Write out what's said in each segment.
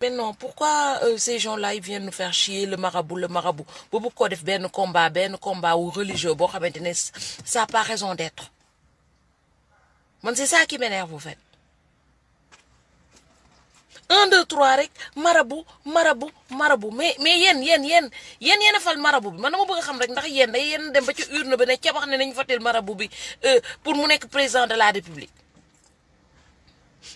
mais non pourquoi euh, ces gens-là ils viennent nous faire chier le marabout le marabout bu bëgg koo def benn combat benn combat wu religieux boo xamante ne ça n'a pas raison d'être man c'est ça qui m'énerve en fait un deux trois rek marabu marabu marabu mais mais yéen yen yen yéen yéen a fal marabu bi man dama bëgg a xam rek ndax yéen day yéen dem ba ci urne bi ne ca wax ne nañu foteel marabu bi euh, pour mu nekk président de la république.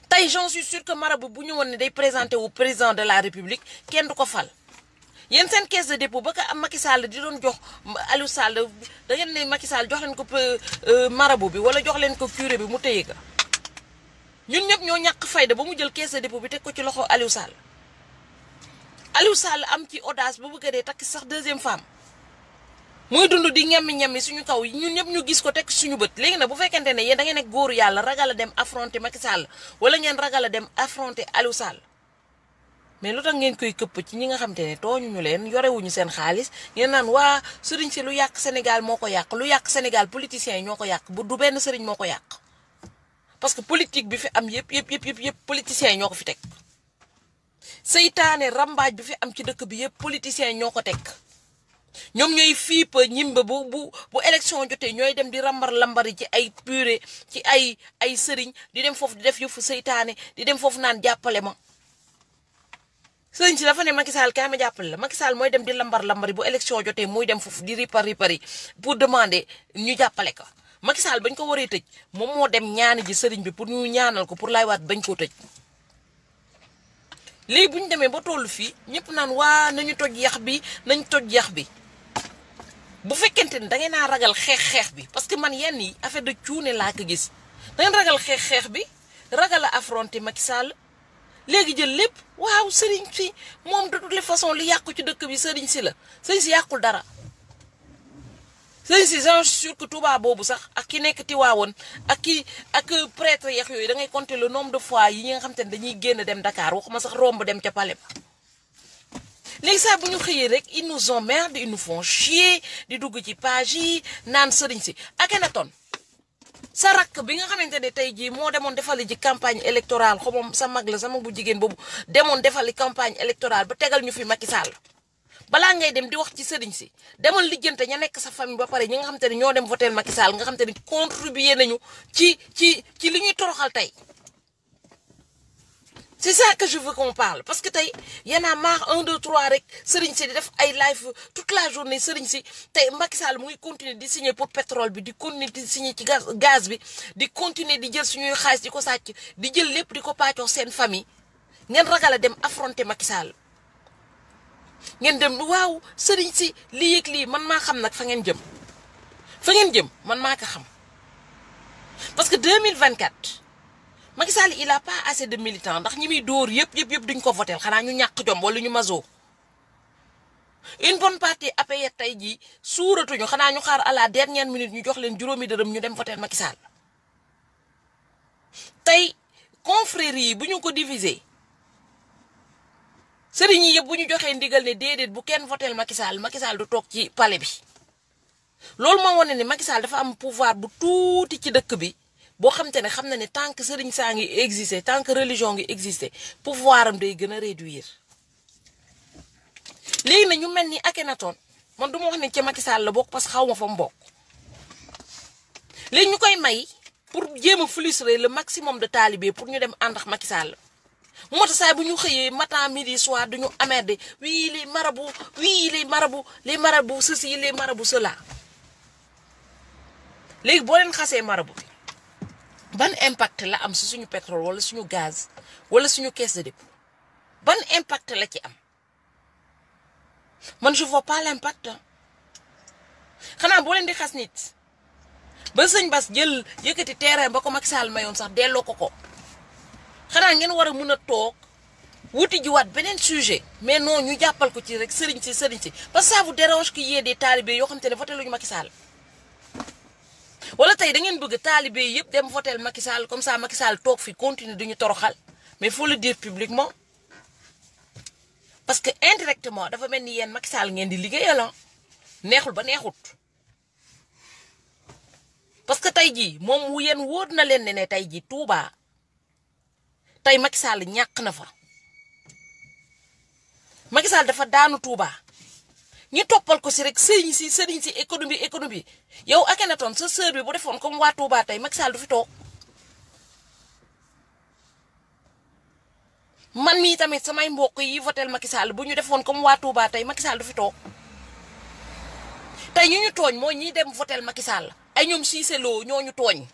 tey j'en suis sûr que marabu bu ñu ne day présenté wu président de la république kenn du ko fal yéen seen caisse de dépôt ba ko am Macky Sall di doon jox Aliou Sall da ngeen ne Macky Sall jox leen ko euh, euh, marabu bi wala jox leen ko curé bi mu téye ko ñun ñëpp ñoo ñàkk fayda ba mu jël caisse de dépôt bi teg ko ci loxo Aliou Sall Aliou am ci audace ba bëgg a dee takk sax deuxième femme. muy dund di ñemmi-ñemmi suñu kaw ñun ñëpp ñu gis ko teg suñu bët léegi nag bu fekkente ne yéen da ngeen nekk yàlla ragal a dem affronter Macky Sall wala ngeen ragal a dem affronter Aliou Sall mais lu tax ngeen koy këpp ci ñi nga xam te ne tooñuñu leen yorewuñu seen xaalis ngeen naan waa sëriñ si lu yàq Sénégal moo ko yàq lu yàq Sénégal politiciens yi ñoo ko yàq bu du benn sëriñ moo ko yàq parce que politique bi fi am yëpp yëpp yëpp yëpp yëpp politiciens yi ñoo ko fi teg seytaane fi am ci dëkk bi yëpp politiciens ñoo ko teg ñoom ñooy fii fiip ñimbe bu bu bu élection jotee ñooy dem di rambar lambari ci ay purée ci ay ay sëriñ di dem foofu di def yëfu seytaane di dem foofu naan jàppale ma. sëriñ si dafa ne Macky Sall kaay ma jàppale la Macky mooy dem di lambar lambari bu élection jotee mooy dem foofu di ripar pari pour demander ñu jàppale ko Macky Sall bañ ko waree tëj moom dem ñaani ji sëriñ bi pour ñu ñaanal ko pour lay waat bañ koo tëj. léegi bu demee ba tollu fii ñëpp naan waa nañu toj yax bi nañu toj yax bi. bu fekkente ni da ngeen naa ragal xeex-xeex bi parce que man yenn yi affaire de cuune laa ko gis da ragal xeex-xeex bi ragal a affronter Macky Sall léegi jël lépp waaw sëriñ si moom de toutes façon façons li yàqu ci dëkk bi sëriñ si la sëriñ si yàqul dara sëriñ si je suis sûr boobu sax ak ki nekk Tiwaawoon ak ki ak prêtre yeex yooyu da ngay compter le nom de fois yi nga xam te ne dañuy génn dem Dakar waxuma sax romb dem ca Palais léegi saa bu ñu xëyee rek ils nous emmerdent ils nous font di dugg ci page yi naan sëriñ si Akhenaton sa rakk bi nga xamante ne tey jii moo demoon defale ji campagne électorale xomom sa mag la sama bu jigéen boobu demoon defali campagne électorale ba tegal ñu fi Macky Sall balaa ngay dem di wax ci sëriñ si demal lijjante ña nekk sa famille ba pare ñi nga xam te ne ñoo dem voté Macky Sall nga xamante ne contribuer nañu ci ci ci li ñuy toroxal tey. c'est ça que je veux parce que tey y'en a marre un deux trois rek Serigne si di def ay live toute la journée Serigne si tey Macky mooy mu continuer di signer pour pétrole bi di continuer di signer ci gaz gaz bi di continuer di jël suñuy xaalis di ko sàcc di jël lépp di ko paacoo seen famille ngeen ragal a dem affronter Macky ngeen dem waaw Serigne si lii yëg lii man maa xam nag fa ngeen jëm fa ngeen jëm man maa ko xam parce que deux mille vingt 2024. Macky Sall il a pas assez de militants ndax ñi muy dóor yëpp yëpp yëpp duñ ko voté xanaa ñu ñàkk jom wala ñu maso une bonne partie APR tey jii suuratuñu xanaa ñu xaar à la dernière minute ñu jox leen juróomi dërëm ñu dem voté Macky Sall tey yi bu ñu ko diviser sëriñ yi yëpp bu ñu joxee ndigal ne déedéet bu kenn voté Macky Sall Macky Sall du toog ci palais bi. loolu moo wane ne Macky Sall dafa am pouvoir bu tuuti ci dëkk bi boo xam te ne xam na ne tant que sëriñ saa ngi exister tant que religion ngi exister pouvoir am day gën a réduire. léegi na ñu mel ni Akhenaton man du ma wax ne ci Macky Sall la bokk parce que xaw ma fa mu bokk léegi ñu koy may pour jéem a frustrer le maximum de talibé pour ñu dem ànd ak Macky Sall moo tax saa bu ñu xëyee matin midi soir du ñu amer de wii les marabouts wii les marabouts les marabouts ceci les marabouts cela léegi boo leen xasee marabu bi ban impact la am si suñu pétrole wala suñu gaz wala suñu caisse de dépôt ban impact la ci am man je vois pas l'impact xanaa boo leen di xas nit ba sëñ Bas jël yëkkati terrain ba ko Macky Sall mayoon sax delloo ko ko xanaa ngeen war a mun a toog wuti jiwaat beneen sujet mais non ñu jàppal ko ci rek sëriñ si sëriñ si parce que ça vous dérange qu'il y ait des talibés yoo xam te ne voté ñu Macky Sall wala tey da ngeen bëgg taalibe yëpp dem votel Macky Sall comme ça Macky Sall toog fi continuer duñu toroxal mais faut le dire publiquement parce que indirectement dafa mel ni yéen Macky Sall ngeen di liggéeyal ah. neexul ba neexut parce que tey jii moom yéen wóor na leen ne ne tey jii Touba tey Macky Sall ñàkk na fa Macky Sall dafa daanu Touba. ñi toppal ko si rek sëriñ si sëriñ si économie économie yow Akhenaton sa sœur bi bu defoon comme waa Touba tey Macky Sall du fi toog man mii tamit samay mbokk yi votel Macky Sall bu ñu defoon comme waa Touba tey Macky Sall du fi toog tey ñu ñu tooñ mooy ñiy dem votel Macky Sall ay ñoom Cissé Lo ñoo ñu tooñ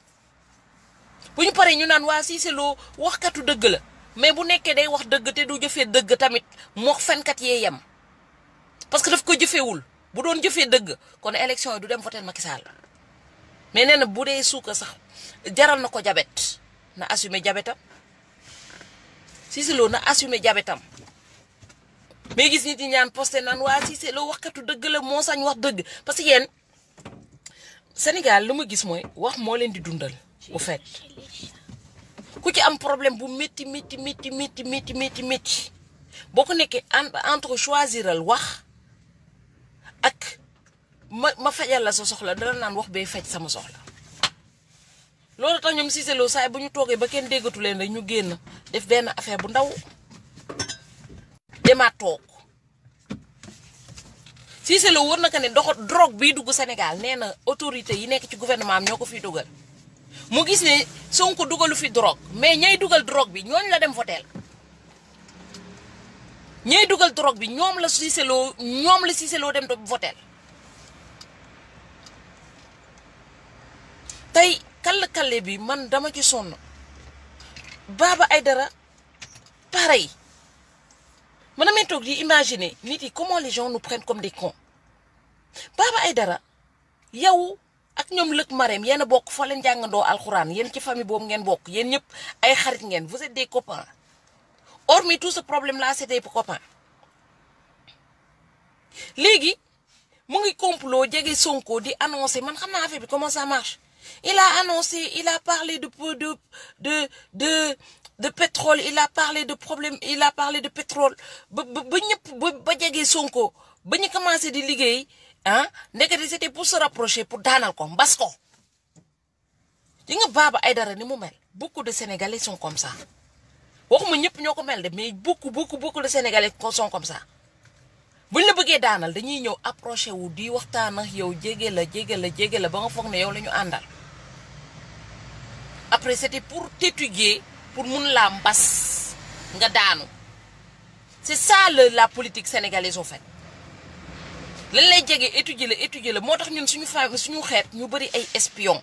bu ñu paree ñu naan waa Cissé Lo waxkatu dëgg la mais bu nekkee day wax dëgg te du jëfee dëgg tamit moo fenkat yee yem. parce que daf ko jëfewul bu doon jëfee dëgg kon élection yi du dem voté Macky Sall mais nee na bu dee suuka sax jaral na ko jabet na assume jabetam Cissé Lo na assume jabetam mais gis nit di ñaan posté naan waa Cissé wax waxkatu dëgg la moo sañ wax dëgg parce que yéen Sénégal lu ma gis mooy wax moo leen di dundal bu fait ku ci am problème bu métti métti métti métti métti métti métti boo ko nekkee entre choisiral wax ak ma ma fajal la sa soxla dala naan wax bee faj sama soxla loolu tax ñoom Cissé Lo saay bu ñu toogee ba kenn déggatu leen rek ñu génn def benn affaire bu ndaw demaat toog Cissé Lo wër na ko ne dox drogue biy dugg Sénégal nee na autorité yi nekk ci gouvernement am ñoo ko fiy dugal mu gis ne Sonko dugalu fi drog mais ñay dugal drogue bi ñooñ la dem votel ñooy dugal drogue bi ñoom la Cissé Lo ñoom la Cissé Lo dem do voteel tey kall-kale bi man dama ci sonn baaba ay dara Aïdara pareil man damay toog di imagine nit yi comment les gens nous prennent comme des cons Baba Aïdara yow ak ñoom lëkk mareem yéen bokk fa leen jàngandoo alxuraan yéen ci famille boobu ngeen bokk yéen ñëpp ay xarit ngeen vous êtes des copains hormis tout ce problème là c' était pour copain léegi mu ngi complot jege Sonko di annoncé man xam na affaire bi comment ça marche il a annoncé il a parlé de de de de de pétrole il a parlé de problème il a parlé de pétrole ba ba ba ñëpp ba ba jege Sonko ba ñu commencé di liggéey ah ndekete c'était pour se rapprocher pour daanal ko mbas ko di nga Baba Aïdara ni mu mel beaucoup de Sénégalais sont comme ça. waxuma ñëpp ñoo ko mel de mais beaucoup beaucoup beaucoup de sénégalais sont comme ça buñ la bëggee daanal dañuy ñëw approché wu di waxtaan ak yow jege la jege la jege la ba nga foog ne yow la ñu àndal après c'était pour t'étudier pour mun laa mbas nga daanu c'est ça le la politique sénégalaise au fait lan lay jege étudier la étudier la moo tax ñun suñu fa suñu xeet ñu bëri ay espion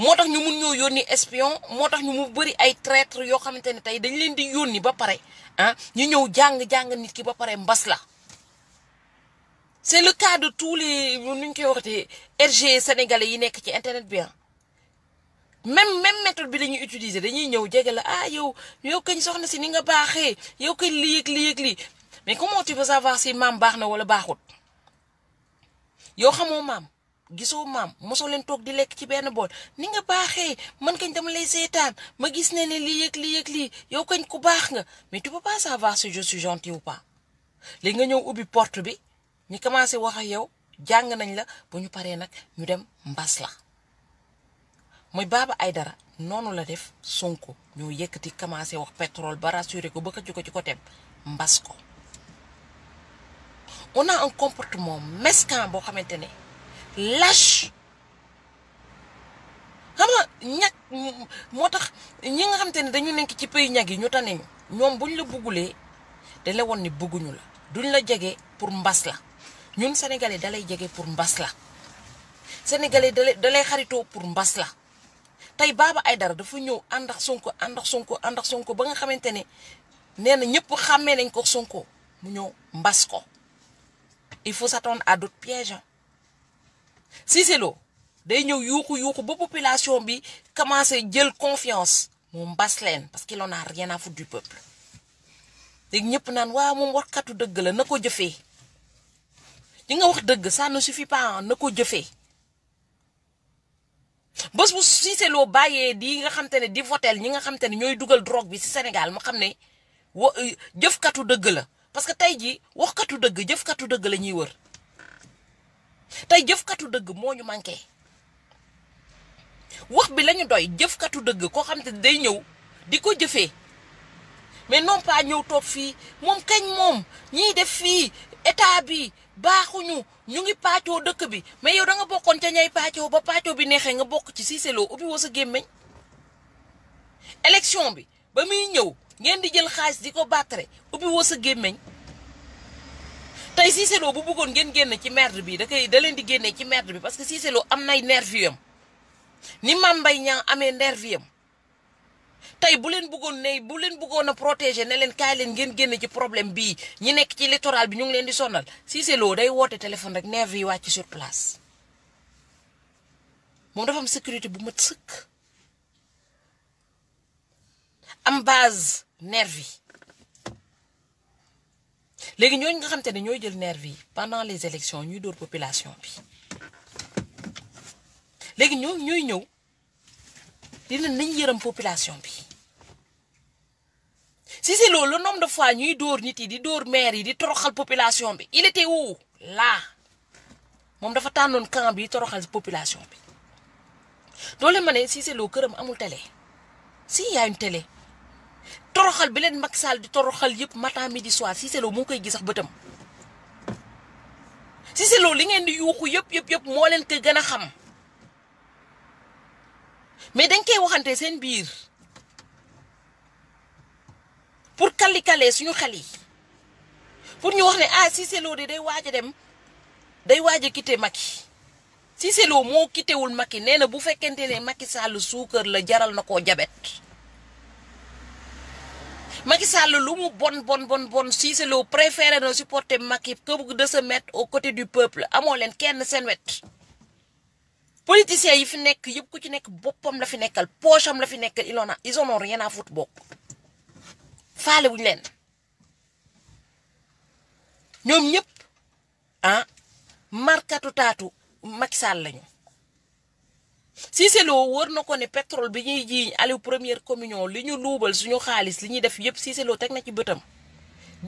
moo tax ñu mun ñoo yónni espion moo tax ñu mu bëri ay traître yoo xamante ne tey dañ leen di yónni ba pare ah ñu ñëw jàng-jàng nit ki ba pare mbas la c'est le cas de tous les nu ñu koy waxatee RG sénégalais yi nekk ci internet bi ah. même même méthode bi la ñuy utiliser dañuy ñëw jege la ah yow yow kañ soxna si ni nga baaxee yow kañ li yëg yëg lii mais comment tu peux savoir si maam baax na wala baaxut yow xamoo maam. gisoo maam mosoo leen toog di lekk ci benn bool ni nga baaxee man kañ dama lay seetaan ma gis ne ne lii yëg lii yëg lii yow kañ ku baax nga mais tu peux pas savoir si je suis gentil ou pas léegi nga ñëw ubbi porte bi ñu commencé wax yow jàng nañ la bu ñu paree nag ñu dem mbas la mooy ay dara noonu la def Sonko ñoo yëkkati commencé wax pétrole ba rassuré ko ba ko ci ko ci ko tem mbas ko on a un comportement mesquin boo xamante ne lâche xam nga moo tax ñi nga xam te ne dañu nekk ci pays ñag yi ñu tane ñu ñoom buñ la buggulee dañ la woon ni bëgguñu la duñ la jege pour mbas la ñun sénégalais da lay jege pour mbas la sénégalais da dalay xaritoo pour mbas la tey Baba dara dafa ñëw ànd ak Sonko ànd ak Sonko ba nga xamante ne nee na ñëpp xàmmee nañ koo Sonko mu ñëw mbas ko il faut sa à d'autres pièges Cissé day ñëw yuuxu yuuxu ba population bi commencé jël confiance moom mbas parce que en a rien à foutre du peuple léegi ñëpp naan waaw moom waxkatu dëgg la na ko jëfee li nga wax dëgg ça ne suffit pas na ko jëfee bés bu Cissé Lo bàyyee di nga xam ne di votel ñi nga xam te ñooy dugal drogue bi ci Sénégal moo xam ne wa euh, jëfkatu dëgg la parce que tey jii waxkatu dëgg jëfkatu dëgg la ñuy wër. tey jëfkatu dëgg moo ñu manqué wax bi lañu doy jëfkatu dëgg koo xam te day ñëw di ko jëfee mais non pas ñëw toog fii moom kañ moom ñiy def fii état bi baaxuñu ñu ngi paccoo dëkk bi mais yow da nga bokkoon ca ñay paccoo ba paccoo bi neexee nga bokk ci Cissé Lo ubbi woo sa gémmeñ élection bi ba muy ñëw ngeen di jël xaalis di ko battre ubbi woo sa gémmeñ tey Cissé Lo bu bëggoon ngeen génn ci merde bi da da leen di génnee ci merde bi parce que Cissé Lo am nay nervi am ni Mame Mbaye Niang amee nervi am tey bu leen bëggoon ne bu leen bëggoon a protéger ne leen kaay leen ngeen génn ci problème bii ñi nekk ci littoral bi ñu ngi leen di sonal Cissé Lo day woote téléphone rek nervi yi wàcc sur place moom dafa am sécurité bu mat sëkk am base nervi léegi ñooñu nga xam te ne ñooy jël nervi yi pendant les élections ñuy dóor population bi léegi ñoo ñooy ñëw dina nañ yërëm population bi si si loolu le nombre de fois ñuy dóor nit yi di door maire yi di toroxal population bi il était où là moom dafa tànnoon camp bi toroxal population bi doole ma ne si si loolu këram amul télé si y a télé. toroxal bi leen Macky Sall di toroxal yëpp matin midi soir Cissé Lo mu koy gis sax bëtam Cissé li ngeen di yuuxu yëpp yëpp yëpp moo leen ko gën a xam mais dañ koy waxante seen biir pour kalikalee suñu xel yi pour ñu wax ne ah Cissé Lo de day waaja dem day waaj a quitté Macky Cissé Lo moo quitté wul Macky nee na bu fekkente ne makki Sall suukar la jaral na koo jabet Macky Sall lu mu bon bon bon bon Cissé Lo préféré na supporter Macky que de se mettre côté côtés du peuple amoo leen kenn seen wet. yi fi nekk yëpp ku ci nekk boppam la fi nekkal poche am la fi nekkal ils en ont ils en ont rien à foutre bokk faale wuñ leen ñoom ñëpp ah markatu taatu Macky lañu. Cissé wër na ko ne pétrole bi ñuy jiiñ Aliou première communion li ñu luubal suñu xaalis li ñuy def yëpp Cissé Lo teg na ci bëtam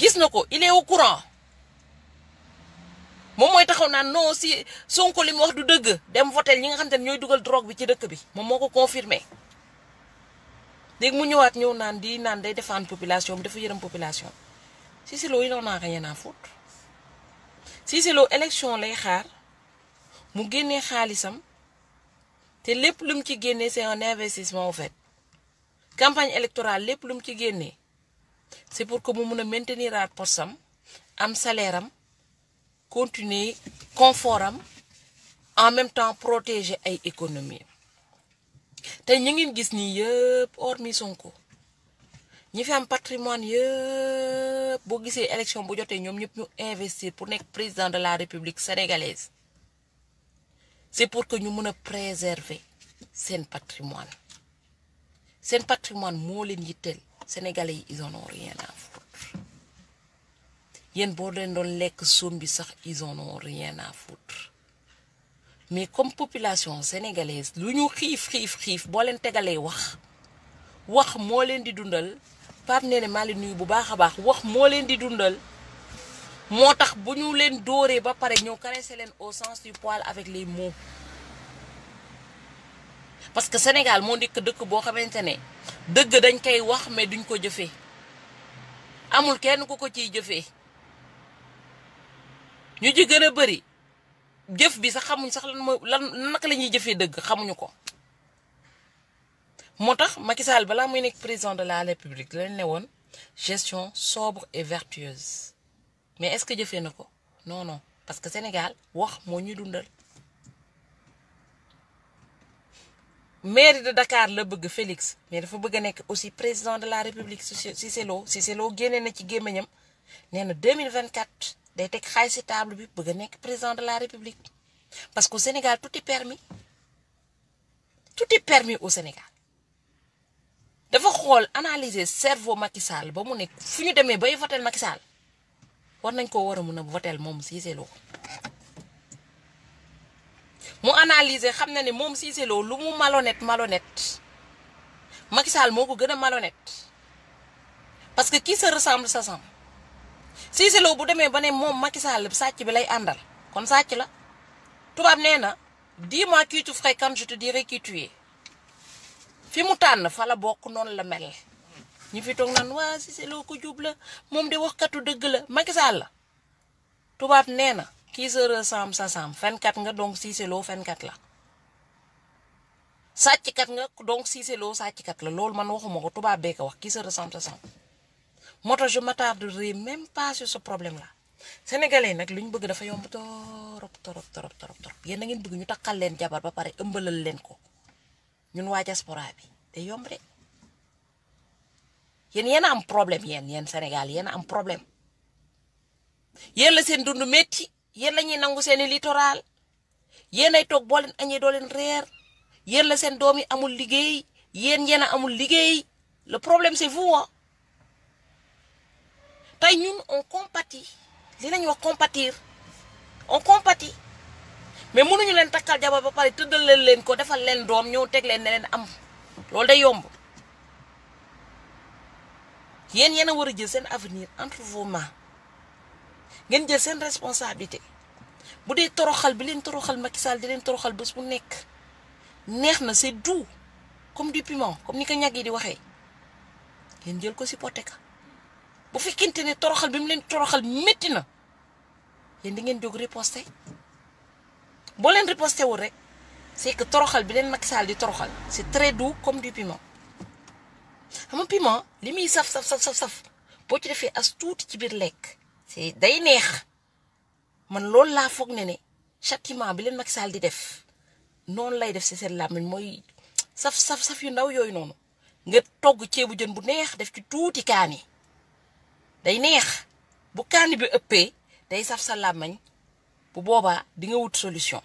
gis na ko il est au courant moom mooy taxaw naan non si Sonko li mu wax du dëgg dem votel ñi nga xam te ne ñooy dugal drogue bi ci dëkk bi moom moo ko confirmé léegi mu ñëwaat ñëw naan di naan day défendre population bi dafa yërëm population Cissé Lo il en a rien à foutre Cissé lay xaar mu génnee xaalisam. te lépp lu mu ci génnee c'est un investissement en fait campagne électorale lépp lu ci génne c'est pour que mu mun a maintenir a posam am saleram am continuer en même temps protéger ay économie te ñu ngeen gis nii yëpp hormis Sonko ñi fi am patrimoine yëpp boo gisee élection bu jotee ñoom ñëpp ñu investir pour nekk président de la république sénégalaise c'est pour que ñu mun a préserver seen patrimoine seen patrimoine moo leen yitteel sénégalais yi ils en rien à foutre yéen boo leen doon lekk soom bi sax ils en ont rien à foutre mais comme population sénégalaise lu ñu xiif xiif xiif boo leen tegalee wax wax moo leen di dundal Pape Nene maa nuyu bu baax a baax wax moo leen di dundal moo tax bu ñu leen dóoree ba pare ñëw caresser leen au sens du poil avec les mots parce que Sénégal moo nekk dëkk boo xamante ne dëgg dañ koy wax mais duñ ko jëfee amul kenn ku ko ciy jëfee ñu ci gën a bëri jëf bi sax xamuñ sax lan mooy lan naka la ñuy jëfee dëgg xamuñu ko moo tax Macky Sall balaa muy nekk président de la République lañ ne woon gestion sobre et vertueuse mais est-ce que jëfee na ko non non parce que Sénégal wax moo ñu dundal mairie de dakaar la bëgg Félix mais dafa bëgg a nekk aussi président de la République Cissé Lo Cissé Lo génnee na ci gémmiñam nee na 2024 day teg xaay si table bi bëgg a nekk président de la République parce que au Sénégal tout est permis tout est permis au Sénégal dafa xool analyser cerveau Macky Sall ba mu nekk fu ñu demee bay votel Macky Sall war nañ koo war a mun a votel moom Cissé Lo mu analyser xam na ne moom Cissé loo lu mu malhonnête malhonnête Sall moo ko gën a malhonnête parce que qui se ressemble s'assemble Cissé Lo bu demee ba ne moom Macky Sall sàcc bi lay àndal kon sàcc la tubaab nee na dis-moi qui tu fréquentes je te dirai fii tu es fi mu tànn fa la bokk noonu la mel. ñu fi toog naan waa Cissé Lo ko jub la moom de waxkatu dëgg la Macky Sall la tubaab nee na kii sa ressemble sa sam fenkat nga donc Cissé Lo fenkat la sàcckat nga donc Cissé Lo sàcckat la loolu man waxuma ko tubaab bee ko wax kii sa ressemble sa sam moo tax je m'attarderai même pas sur problème la sénégalais nag lu ñu bëgg dafa yomb torop torop torop torop torop yéen a ngeen bëgg ñu takkal leen jabar ba pare ëmbalal leen ko ñun waa diaspora bi te yéen yéen am problème yéen yéen Sénégal yéen am problème yéen la seen dund métti yéen la ñuy nangu seeni littoral yéen ay toog boo leen añee doo leen reer yéen la seen doom yi amul liggéey yéen yéen a amul liggéey le problème c'est vous ah tey ñun on compatit li nañ wax compatir on compatit mais mënuñu leen takkal jabar ba pare tëddal leen leen ko defal leen doom ñëw teg leen ne leen am loolu day yomb yéen yéen a war a jël seen avenir entre vos mains ngeen jël seen responsabilité bu dee toroxal bi leen toroxal Macky Sall di leen toroxal bés bu nekk neex na c'est doux comme du piment comme ni ko ñag yi di waxee ngeen jël ko supporté ka bu fekkente ne toroxal bi mu leen toroxal métti na yéen di ngeen jóg riposté boo leen riposté woo rek c'est que toroxal bi leen Macky Sall di toroxal c'est très doux comme du piment. xam li muy saf saf saf saf boo ci defee as tuuti ci biir lekk c'est day neex man loolu laa foog ne ne châtiment bi leen Macky Sall di def noonu lay def si seen làmmiñ mooy saf saf saf yu ndaw yooyu noonu nga togg ceebu jën bu neex def ci tuuti kaani day neex bu kaani bi ëppee day saf sa làmmiñ bu boobaa di nga wut solution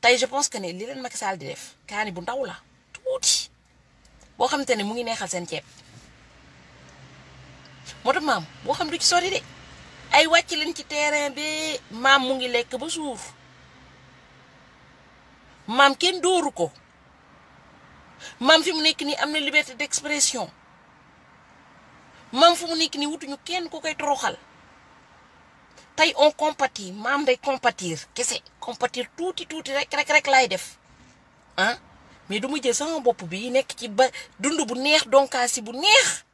tey je pense que ne li leen Macky Sall di def kaani bu ndaw la tuuti. boo xamante ne mu ngi neexal seen ceeb moo maam boo xam du ci sori ay wàcc leen ci terrain bi maam mu ngi lekk ba suuf maam kenn dóoru ko maam fi mu nekk nii am na liberté d'expression maam fu mu nekk nii wutuñu kenn ku koy toroxal tey on compatit maam day compatir kese compatir tuuti tuuti rek rek rek laay def ah? mais du ma jël sama bopp bi nekk ci ba dund bu neex donkaasi bu neex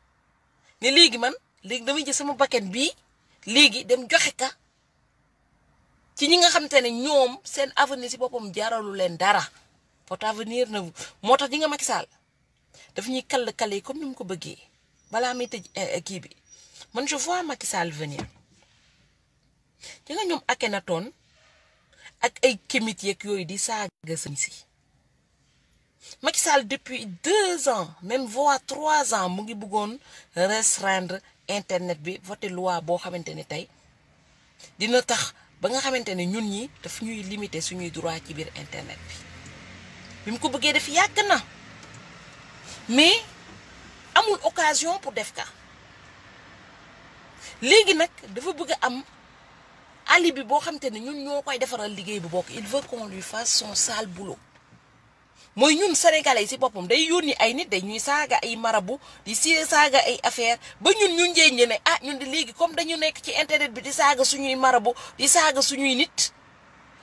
ne léegi man léegi damay jël sama bakkan bii léegi dem joxe ka ci ñi nga xamante ne ñoom seen avenir si boppam jaaralu leen dara votre avenir na moo tax ñi nga Macky Sall daf ñuy kàll kale comme ni mu ko bëggee balaa muy tëj eh, eh, kii bi man je vois Macky Sall venir ñi nga ñoom Akhenaton ak ay kémit yeeg yooyu di saaga sëñ si. Macky Sall depuis deux ans même voire trois ans mu ngi bëggoon restreindre internet bi voté loi boo xamante ni tey dina tax ba nga xamante ne ñun ñi daf ñuy limiter suñuy droit ci biir internet bi bi mu ko bëggee def yàgg na mais amul occasion pour def ka léegi nag dafa bëgg am alibi boo xamante ne ñun ñoo koy defaral liggéey bu bokk il veut qu'on lui fasse son mooy ñun sénégalais si boppam day yónni ay nit dañuy saaga ay marabu di si saaga ay affaire ba ñun ñu njëñ ne ah ñun di léegi comme dañu nekk ci internet bi di saaga suñuy mara bu di saaga suñuy nit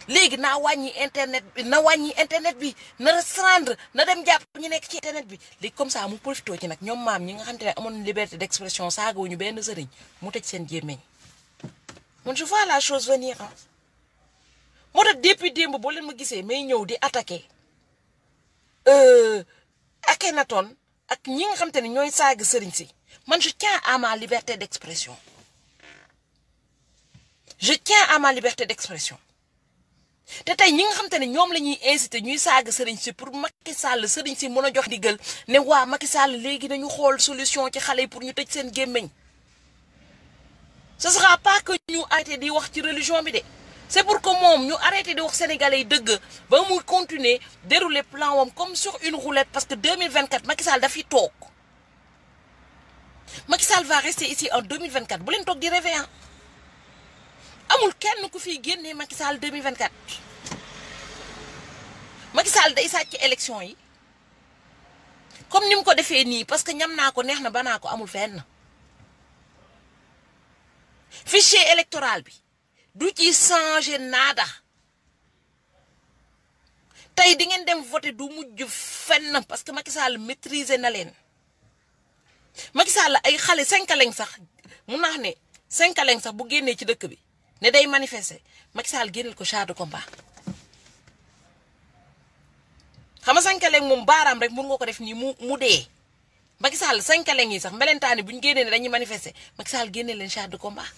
léegi naa wàññi internet na wàññi internet bi na restreindre na dem jàpp ñu nekk ci internet bi léegi comme ça mu profité ci nag ñoom maam ñi nga xam te ne amoon liberté d'expression saagawuñu benn sëriñ mu tëj seen gémmiñ man soo vois la chose venir démb boo leen ma gisee may ñëw di attaqué Euh, Akhenaton ak ñi nga xam ne ñooy saaga sëriñ si man je tiens à ma liberté d'expression je tiens à ma liberté d'expression te tey ñi nga xam te ne ñoom la ñuy insité ñuy saaga sëriñ si pour Macky Sall sëriñ si mën a jox ndigal ne waa Macky Sall léegi nañu xool solution ci xale yi pour ñu tëj seen gémmiñ ce sera pas que ñu arrêté di wax ci religion bi de. c'est pour que moom ñu arrêté di wax sénégalais yi dëgg ba muy continuer dérouler plan wam comme sur une roulette parce que 2024 Macky Sall dafiy toog Macky Sall va rester ici en 2024 bu leen toog di rêver amul kenn ku fiy génne Macky Sall 2024 Macky Sall day sàcc élection yi comme ni mu ko defee nii parce que ñam naa ko neex na ba naa ko amul fenn fichier électoral bi du ci changer nada tey di ngeen dem voter du mujj fenn parce que Macky Sall maîtriser na leen Macky Sall ay xale cinkaleng sax mun naa ne cinkaleng sax bu génnee ci dëkk bi ne day manifester Macky Sall ko char de combat xam nga cinkaleng moom baaraam rek mun nga ko def nii mu mu dee Macky Sall cinkaleng yi sax melentaan yi bu ñu génnee ne dañuy manifester Macky Sall génneel leen char de combat.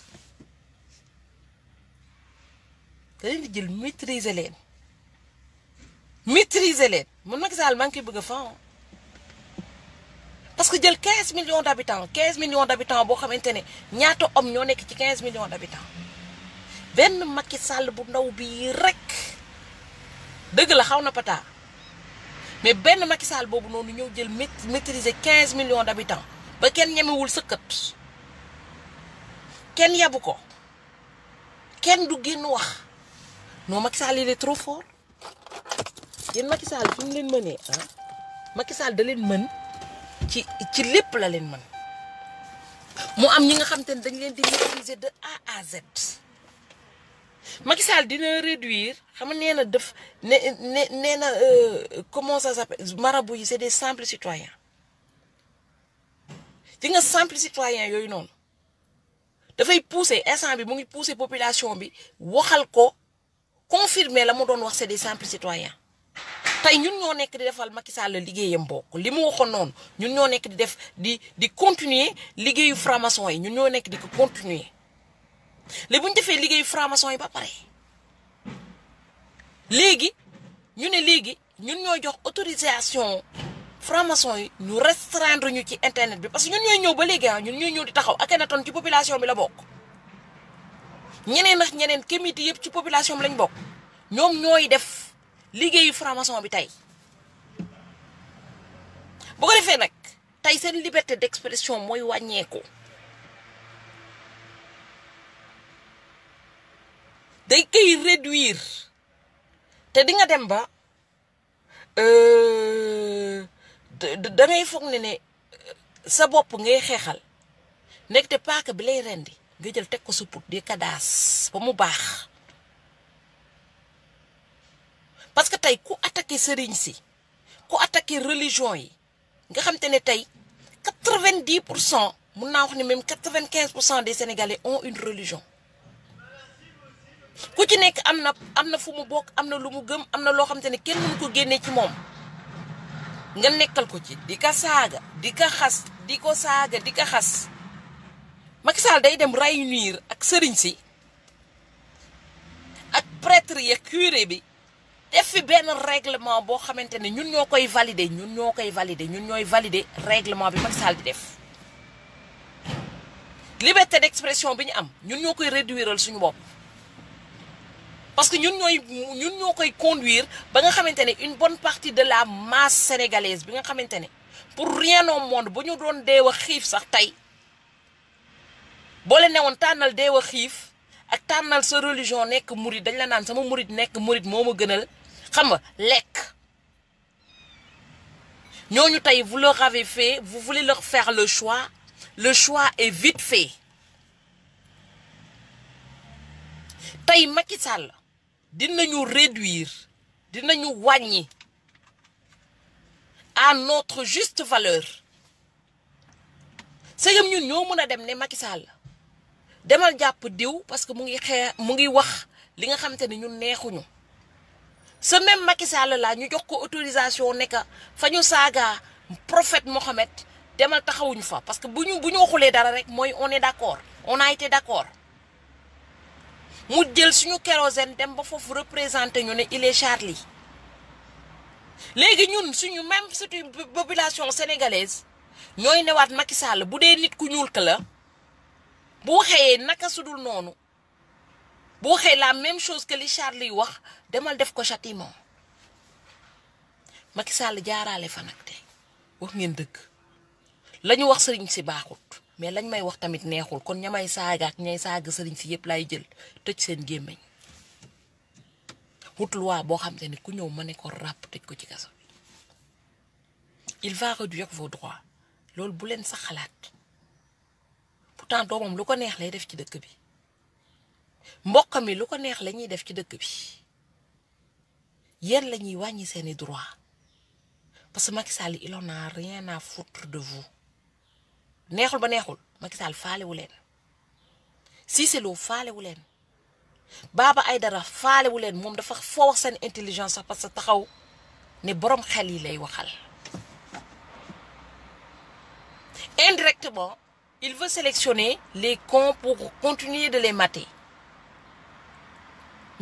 da leen di jël maîtriser leen maîtriser leen man Macky Sall maa ngi koy bëgg a parce que jël 15 millions d' habitants 15 millions d' boo xamante ne ñaata homme ñoo nekk ci 15 millions d' habitants benn Macky Sall bu ndaw bii rek dëgg la xaw na pataa mais benn Macky Sall boobu noonu ñëw jël maîtriser 15 millions d' habitants ba kenn ñemewul sëkkat kenn yabu ko kenn du génn wax. non Macky Sall il est trop fort yéen Macky Sall leen mëne ah Macky da leen mën ci ci lépp la leen mën mu am ñi nga xam te ne dañ leen di maîtriser de A à Z Sall dina réduire xam nga nee na def ne nee na euh, comment ça s'appelle marabout yi c'est des simples citoyens di nga simples citoyens yooyu noonu dafay pousser instant bi mu ngi pousser population bi waxal ko. confirmer la mu doon wax c'est des simples citoyens tey ñun ñoo nekk di defal Macky Sall liggéeyam bokk li mu waxoon noonu ñun ñoo nekk di def di di continuer liggéeyu franc yi ñun ñoo nekk di ko continuer léegi bu ñu defee liggéeyu franc yi ba pare léegi ñu ne léegi ñun ñoo jox autorisation franc-maçon yi ñu restreindre ñu ci internet bi parce que ñun ñooy ñëw ba léegi ah ñun ñooy ñëw di taxaw Akhenaton ci population bi la bokk. ñeneen ak ñeneen comité yëpp ci population bi lañ bokk ñoom ñooy def liggéeyu franc-maçon bi tey bu ko defee nag tey seen liberté d'expression mooy wàññeeku day koy réduire te di nga dem ba euh, da ngay foog ne ne sa bopp ngay xeexal nekk te paaka bi lay rendi nga jël teg ko sa put di kadaas ba mu baax parce que tey ku attaqué sëriñ si ku attaqué religion yi nga xam te ne tey quatre-vingt-dix pour cent mun naa wax ne même quatre-vingt-quinze pour cent des sénégalais ont une religion ku ci nekk am na am na fu mu bokk am na lu mu gëm am na loo xam te ne kenn mënu ko génnee ci moom nga nekkal ko ci di ka saaga di ka xas di ko saaga di ka xas Macky Sall day dem réunir ak sëriñ si ak prêtre ya curé bi def fi benn réglement boo xamante ne ñun ñoo koy valider ñun ñoo koy valider ñun ñooy valider règlement bi Macky di def liberté d'expression bi ñu am ñun ñoo koy réduiral suñu bopp parce que ñun ñooy ñun ñoo koy conduire ba nga xamante ne une bonne partie de la masse sénégalaise bi nga xamante ni pour rien au monde bu ñu doon deew a xiif sax tey boo leen newoon tànnal deew a xiif ak tànnal sa religion nekk murit dañ la naan sama morit nekk morit moo ma gënal xam nga lekk ñooñu tey vous leur avez fait vous voulez leur le choix le choix est vite fait tey Macky Sall dinañu réduire dinañu wàññi à notre juste valeur sëgam ñun ñoo mën a dem ne Macky Sall demal jàpp diw parce que mu ngi xee mu ngi wax li nga xamante ni ñun neexuñu ce même Macky laa ñu jox ko autorisation ne fa ñu saaga prophète Mohamed demal taxawuñu fa parce que bu ñu bu ñu waxulee dara rek mooy on est d'accord on a été d'accord mu jël suñu kérosène dem ba foofu représenté ñu ne il est Charlie léegi ñun suñu même surtout population sénégalaise ñooy newaat Macky Sall bu dee nit ku ñuul ka la. boo xëyee naka sudul noonu boo xëyee la même chose que li Charlie wax demal def ko châtiment Macky Sall jaaraale fa nag wax ngeen dëgg la ñu wax sëriñ si baaxut mais lañ may wax tamit neexul kon ñamay saaga ak ñay saaga sëriñ si yëpp lay jël tëj seen gémmiñ wut loi boo xam te ne ku ñëw ma ne ko ràpp tëj ko ci kaso il va réduire vos droits loolu bu leen sax xalaat pourtant doomam lu ko neex def ci dëkk bi mbokk mi lu ko neex la def ci dëkk bi la ñuy wàññi seeni droit parce que Macky Sall il en a rien à foutre de vous neexul ba neexul Macky Sall faalewu leen Cissé Lo faalewu leen Baba Aydara faalewu leen moom dafa foo seen intelligence sax parce que taxaw ne borom xel yi lay waxal indirectement. il veut sélectionner les cons pour continuer de les mater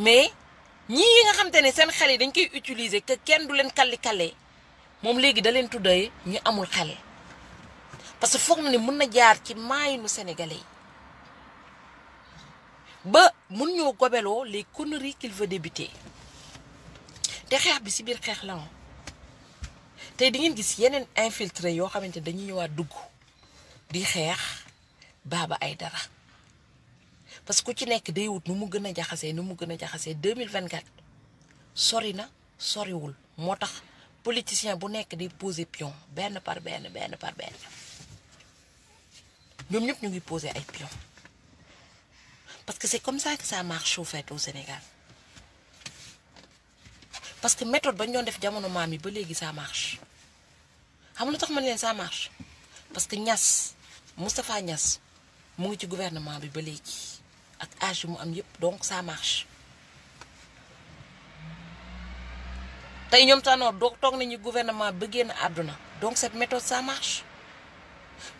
mais ñii nga xam ne seen xale yi dañ koy utiliser que kenn du leen kalli kalle moom léegi da leen tuddee ñu amul xel parce que foog na ne mën na jaar ci maayinu sénégalais yi ba mun ñoo gobeloo les conneries qu'il veut débuter te xeex bi si biir xeex la tey di ngeen gis yeneen infiltré yoo xamante dañuy ñëwaat dugg. di xeex baaba ay dara parce que ku ci nekk day wut nu mu gën a jaxasee nu mu gën a jaxasee 2024 sori na soriwul moo tax politicien bu nekk di poser pion benn par benn benn par benn ñoom ñëpp ñu ngi poser ay pion parce que c'est comme ça que ça marche au fait Sénégal parce que méthode bañ doon def jamono maam yi ba léegi ça marche xam lu tax ma leen ça marche parce que ñas Moustapha Niass mu ngi ci gouvernement bi ba léegi ak âge mu am yëpp donc ça marche tey ñoom Tanor doo toog nañu gouvernement bëggee na àdduna donc cette méthode ça marche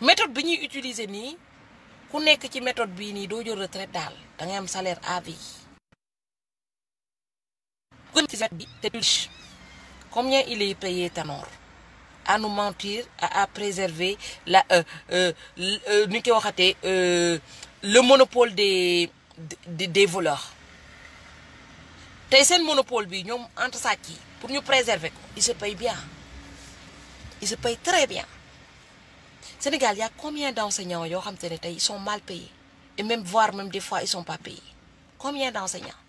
méthode bi ñuy utiliser nii ku nekk ci métode bii nii doo jël retraite daal da ngay am salaire à vie. comme ña il est payé Tanor à nous mentir à, à préserver la euh, euh, euh, nu ñu koy waxatee le monopole des des, des voleurs tey seen monopole bi ñoom entre sa yi pour ñu préserver ko il se paye bien il se paye très bien Sénégal y a combien d'enseignants yoo xam te ne tey son sont mal payés et même voire même des fois ils sont pas payés combien d'enseignants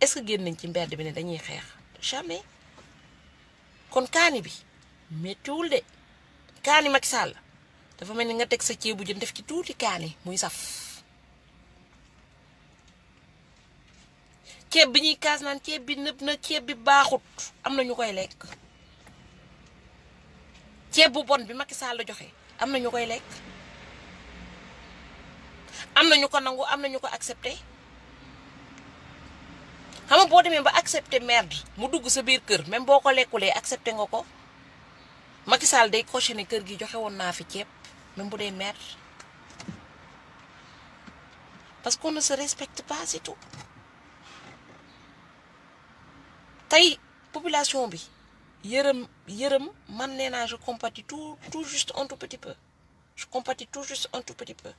est-ce que génn nañ ci mbedd bi ne dañuy xeex jamais kon kaani bi méttiwul de kaani Macky Sall dafa mel ni nga teg sa ceebu jën def ci tuuti kaani muy saf ceeb bi ñuy kaas naan ceeb bi nëb na ceeb bi baaxut am na ñu koy lekk ceeb bu bon bi Macky Sall joxe am na ñu koy lekk am na ñu ko nangu am na ñu ko accepté xam nga boo demee ba accepté merde mu dugg sa biir kër même boo ko lekkulee accepté nga ko Macky Sall day cautionné kër gi joxe woon naa fi ceeb même bu dee merde parce qu'on ne se respecte pas c'est tout tey population bi yërëm yërëm man nee naa je compatis tout tout juste un tout tout petit peu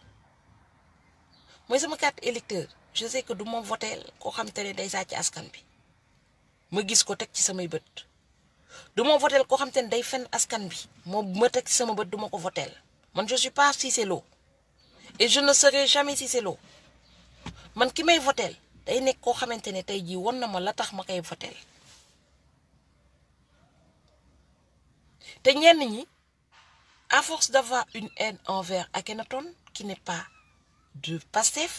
mooy sama carte électeur je sais que du moom voteel koo xam te ne day sàcc askan bi ma gis ko teg ci samay bët du ma voteel koo xam te ne day fenn askan bi moo ma teg ci sama bët du ma ko voteel man je suis pas Cissé Lo et je ne serai jamais Cissé Lo man ki may voteel day nekk koo xamante ne tey jii won na ma la tax ma koy voteel te ñenn ñi à force d'avoir une haine envers Akhenaton qui ki pas de Pastef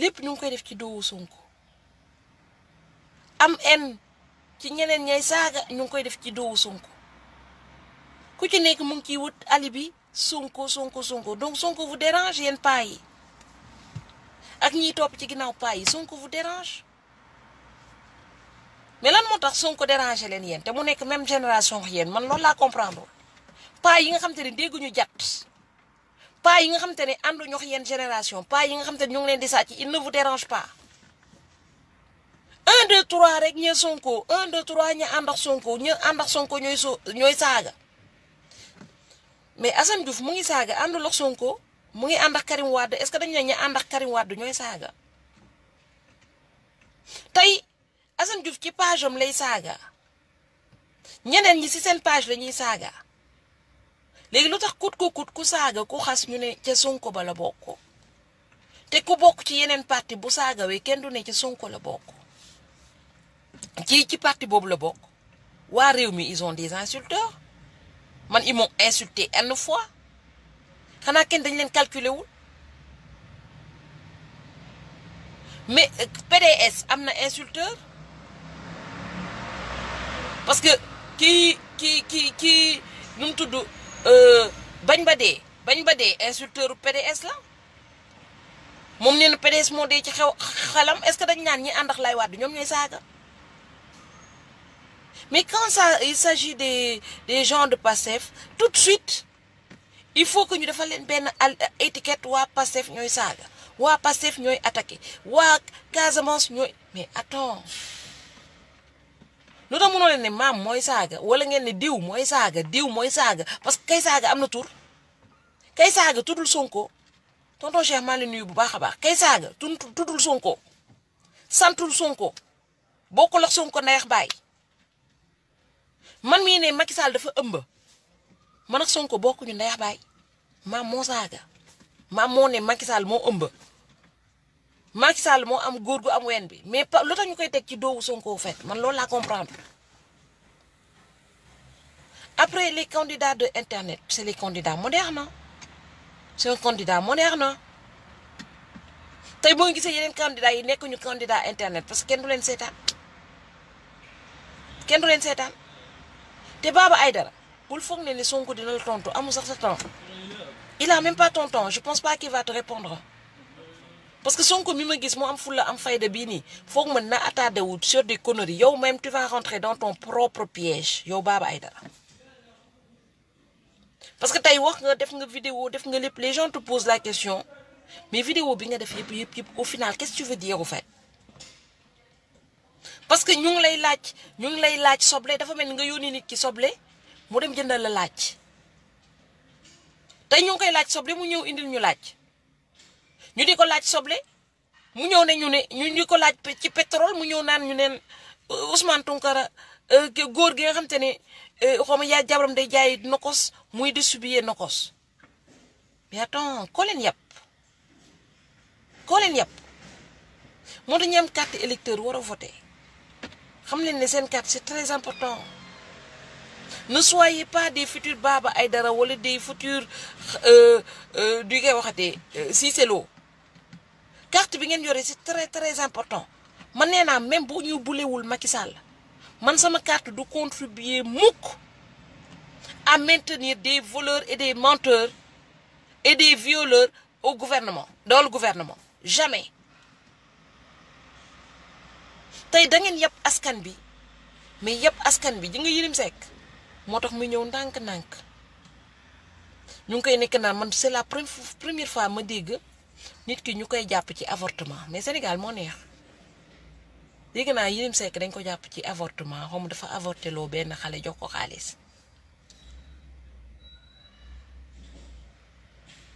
lépp ñu ngi koy def ci doowu Sonko am en ci ñeneen ñay saaga ñu ngi koy def ci doowu Sonko ku ci nekk mu ngi ciy wut alibi Sonko Sonko Sonko donc Sonko vous dérange yéen paa yi ak ñiy topp ci ginnaaw paa yi Sonko vous dérange mais lan moo tax Sonko déranger leen yéen te mu nekk même génération yéen man loolu laa comprendre paa yi nga xam te ne dégguñu jàtt pas yi nga xam te ne àndu ñox yenn génération pas yi xam te ne ñu ngi leen di sàcc il ne vous dérange pas un deux trois rek ña Sonko un deux trois ña ànd ak Sonko ña ànd ak Sonko ñooy so ñooy saaga mais Assane Diouf mu ngi saaga àndul ak Sonko mu ngi ànd ak Karim est-ce que dañu ne ña ànd ak Karim Wade ñooy saaga tey Assane Diouf ci page am lay saaga ñeneen ñi si seen page la ñuy saaga. léegi lu tax kut ko kut ku saaga ku xas ñu ne ca Sonko ba la bokk te ku bokk ci yeneen parti bu saaga saagawee kenn du ne ca Sonko la bokk ci ci parti boobu la bokk waa réew mi ison ont des insulteurs man ils m'ont insulté une fois xanaa kenn dañ leen calculer wul mais euh, PDS am na insulteur parce que kii kii kii kii nu mu tudd. Euh, bañ ba dee bañ ba dee insulteuru PDS la moom nee na PDS moo dee ci xew xalam est-ce que dañ naan ñi ànd ak Laay Wàdd ñoom ñooy saaga mais quand ça il s'agit des des gens de Pastef tout de suite il faut que ñu defal leen benn étiquette waa Pastef ñooy saaga waa Pastef ñooy attaqué waa Casamance ñooy mais attends lu tax mënoo leen ne maam mooy saaga wala ngeen ne diw mooy saaga diw mooy saaga parce que kay saaga am na tur kay saaga tuddul Sonko tonton Cheikh maa ngi nuyu bu baax a baax kay saaga tuddul Sonko santul Sonko bokkul ak Sonko ndax baay man mii ne Macky dafa ëmb man Sonko bokkuñu ndax baay maam moo saaga maam moo ne Macky Sall moo ëmb. Macky Sall moo am góor gu am ween bi mais pa lu ñu koy teg ci doowu Sonko fet man loolu laa comprendre après les candidats de internet c'est les candidats modernes c'est un candidat moderne tey boo gisee yeneen candidats yi nekk ñu candidat internet parce que kenn du leen seetaan kenn du leen seetaan te ay dala bul foog ne ni Sonko dina la tontu amul sax sa temps a même pas ton temps je pense pas qu'il va te répondre parce que son mi ma gis mu am fulla am fayda bii nii foog mën na attardé wu sur des conneries yow même tu vas rentrer dans ton propre piège yow ay Aïdara parce que tey wax nga def nga vidéo def nga lépp les gens te la question mais vidéo bi nga def yëpp yëpp yëpp au final qu'est-ce que tu dire au fait parce que ñu ngi lay laaj ñu ngi lay laaj soble dafa mel ni nga yónni nit ki soble moo dem jëndal la laaj tey ñu ngi koy laaj soble mu ñëw indil ñu laaj. ñu di ko laaj soble mu ñëw ne ñu ne ñu di ko laaj ci pétrole mu ñëw naan ñu neen euh, Ousmane Tounkara euh, góor gi nga xam te ne euh, xaw ma yaay jabaram de jaay nokos muy distribuer nokos mais attends koo leen yàpp koo leen yàpp moo tax ñu am carte électeur war voté xam leen ne seen carte c'est très important ne soyez pas des futurs Baba dara wala de futurs du koy waxatee Cissé Lo carte bi ngeen yore c'est très très important man nee naa même bu ñu bulewul Macky Sall man sama carte du contribuer mukk à maintenir des voleurs et des menteurs et des violeurs au gouvernement dans le gouvernement jamais tey da ngeen yàpp askan bi mais yàpp askan bi ji nga Yérim Seck moo tax muy ñëw ndànk-ndànk ñu ngi koy nekk naa man c'est la première fois ma dégg nit ki ñu koy jàpp ci avortement mais Sénégal moo neex dégg naa Yérim Seck dañ ko jàpp ci avortement xaw ma dafa avorté loo benn xale jox ko xaalis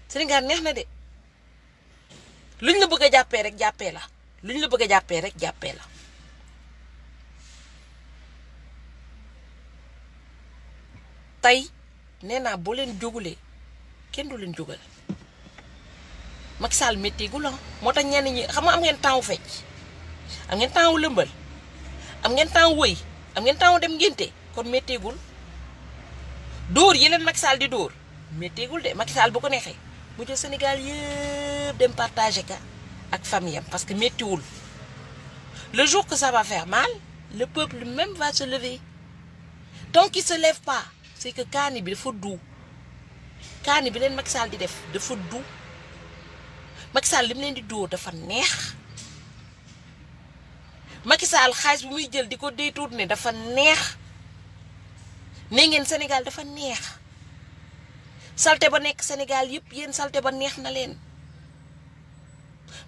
Sénégal neex na de luñ la bëgg a jàppee rek jàppee la luñ la bëgg a jàppee rek jàppee la tey nee naa boo leen jógulee kenn du leen jógal Macky Sall méttiigul ah moo tax ñenn ñi xam nga am ngeen temps wu fecc am ngeen temps wu lëmbal am ngeen temps wu am ngeen temps wu dem ngénte kon méttiigul door yi leen Macky Sall di door méttiigul de Macky Sall bu ko neexee mu jël Sénégal yëpp dem partagé ka ak famille parce que méttiwul le jour que ça va faire mal le peuple même va se lever tant qu'il se lève pas c'est que kaani bi dafa du kaani bi leen Macky Sall di def de dafa dou Macky Sall li leen di dóor dafa neex Macky Sall xaalis bu muy jël di ko tuut ne dafa neex ne ngeen Sénégal dafa neex salte ba nekk Sénégal yëpp yéen salte ba neex na leen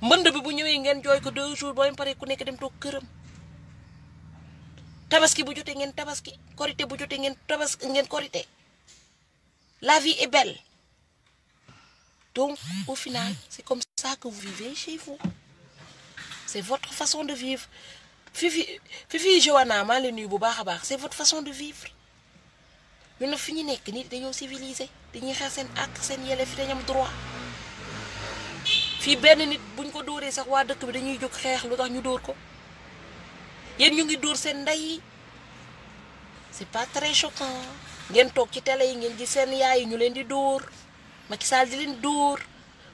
mbënd bi bu ñëwee ngeen jooy ko deux jours boo pare ku nekk dem toog këram tabaski bu jotee ngeen tabaski korité bu jotee ngeen tabas ngeen korité la vie est Donc, au final, c'est comme ça que vous vivez chez vous. C'est votre façon de vivre. Fifi, a baax c'est votre façon de vivre. Mais nous dañuy que seen civilisés. seen sommes civilisés. Nous droit. fii benn nit buñ ko dooree sax waa dëkk bi dañuy jóg xeex lu tax ñu dóor ko yéen ñu ngi dóor seen ndey yi c'est pas très choquant ngeen toog ci tele yi ngeen gis seen yaay yi ñu leen di door maki Sall di leen dóor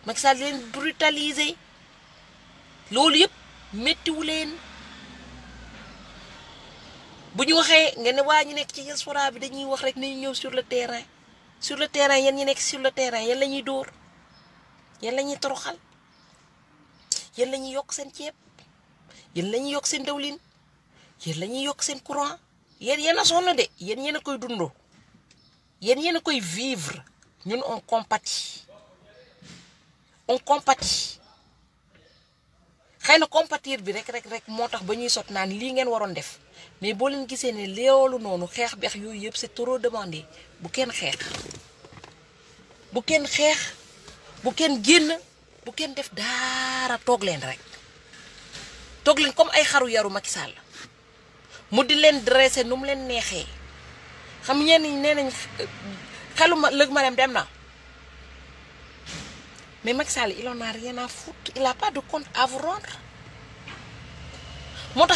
Macky Sall di leen brutaliser loolu yëpp méttiwu leen bu ñu waxee nga ne waa ñu nekk ci diaspora bi dañuy wax rek ni ñëw sur le terrain sur le terrain yan ñi nekk sur le terrain yan la ñuy dóor yan la ñuy toroxal yan la ñuy yokk seen ceeb yan la ñuy yokk seen dawlin yan la ñuy yokk seen courant yéen yéen a yéen yéen a koy dundoo yéen yéen koy vivre. ñun on compatit on compatit xëy na compatir bi rek rek rek moo tax ba ñuy sot naan lii ngeen waroon def mais boo leen gisee ne loolu noonu xeex beex yooyu yëpp c'est trop demandé bu kenn xeex bu kenn xeex bu kenn génn bu kenn def daara toog leen rek toog leen comme ay xaru yaru Macky Sall mu di leen dressé nu mu leen neexee xam ñenn ñi nee xelu ma lëg dem na mais Macky Sall il en a pas de compte à vous moo tax.